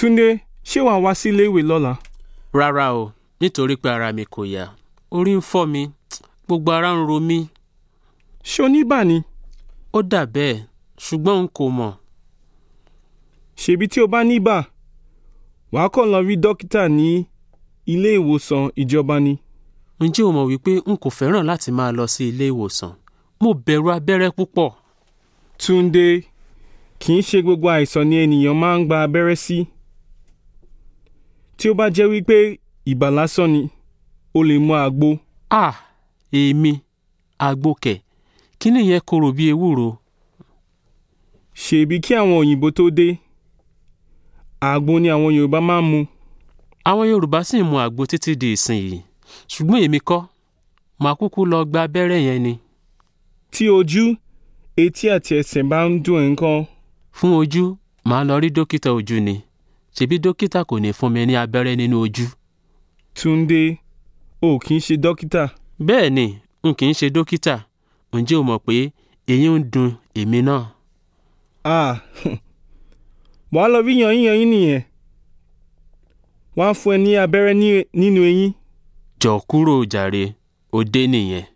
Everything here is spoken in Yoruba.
Túndé, ṣé wàá wá sí ilé ìwé lọ́la? Rárá o, nítorí pé ara mi kò yá. Orí ń fọ́ mi, gbogbo ara ń ro mí. Ṣé o ní ibà ni? Ó dà bẹ́ẹ̀, ṣùgbọ́n n kò mọ̀. Ṣèbí tí o bá ní ibà, wàá kàn lọ rí dókítà ní ilé ìwòsàn ìjọba ni. Ǹjẹ́ o mọ̀ wípé n kò fẹ́ràn láti máa lọ sí ilé ìwòsàn? Mo bẹ̀rù abẹ́rẹ́ púpọ̀. Túndé, kì í ṣe gbogbo àìsàn ni ènìyàn máa ń gba abẹ́rẹ́ sí. Si tí ó bá jẹ́ wípé ìbà lásán ni o lè mu àgbo. a èmi àgbo kẹ̀ ni nìyẹn korò bí ewúro. ṣèbí kí àwọn òyìnbó tó dé àgbo ni àwọn yorùbá máa ń mu. àwọn yorùbá sì ń mu àgbo títí di ìsinyìí ṣùgbọ́n èmi kọ́ màá kúkú lọ gba abẹ́rẹ́ yẹn ni. tí ojú etí àti ẹsẹ̀ bá ń dùn ẹ̀ ń kan. fún ojú màá lọ rí dókítà ojú ni ṣebí dókítà kò ní fún mi ní abẹ́rẹ́ nínú ojú. túndé o kì í ṣe dókítà. bẹ́ẹ̀ ni n kì í ṣe dókítà ǹjẹ́ o mọ̀ pé eyín ń dùn èmi náà. ah wàá lọ bí yanyin yanyin nìyẹn wọ́n á fún ẹ ní abẹ́rẹ́ nínú eyín. jọ̀ kúrò jàre òde nìyẹn.